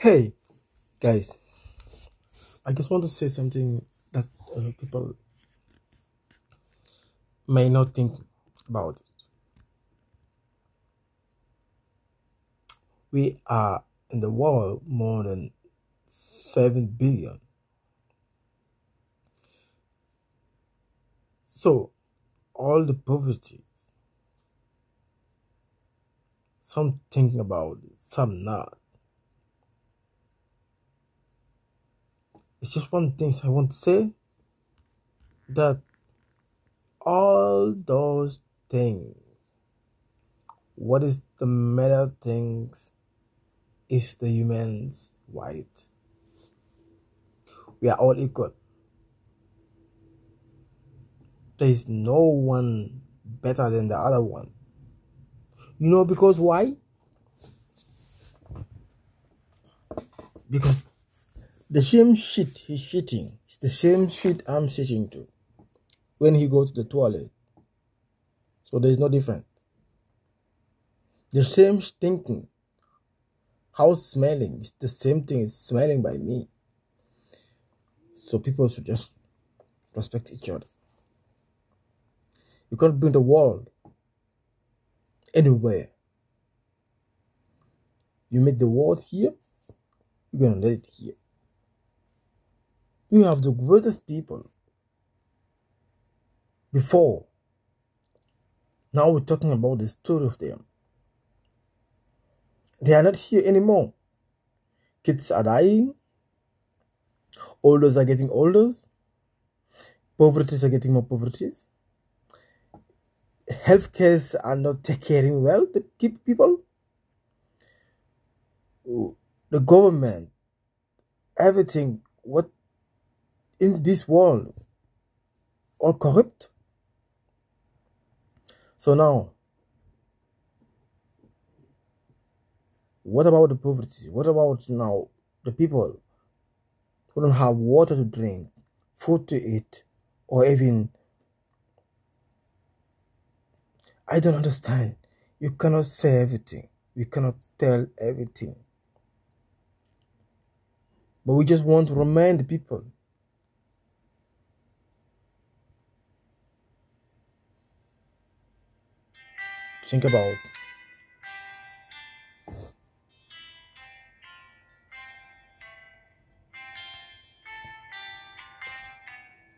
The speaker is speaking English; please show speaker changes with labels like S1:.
S1: Hey, guys, I just want to say something that people may not think about it. We are in the world more than 7 billion. So, all the poverty, some thinking about it, some not. it's just one thing I want to say that all those things, what is the matter things, is the humans white. We are all equal. There no one better than the other one. You know because why? Because The same shit he's shitting is the same shit I'm shitting to when he goes to the toilet. So there's no difference. The same stinking, house smelling is the same thing is smelling by me. So people should just respect each other. You can't bring the world anywhere. You make the world here, you're gonna let it here. You have the greatest people before. Now we're talking about the story of them. They are not here anymore. Kids are dying. Olders are getting older. Poverties are getting more poverties. Healthcares are not taking well the people. The government, everything, what in this world all corrupt. So now, what about the poverty? What about now the people who don't have water to drink, food to eat, or even I don't understand. You cannot say everything. You cannot tell everything. But we just want to remind the people think about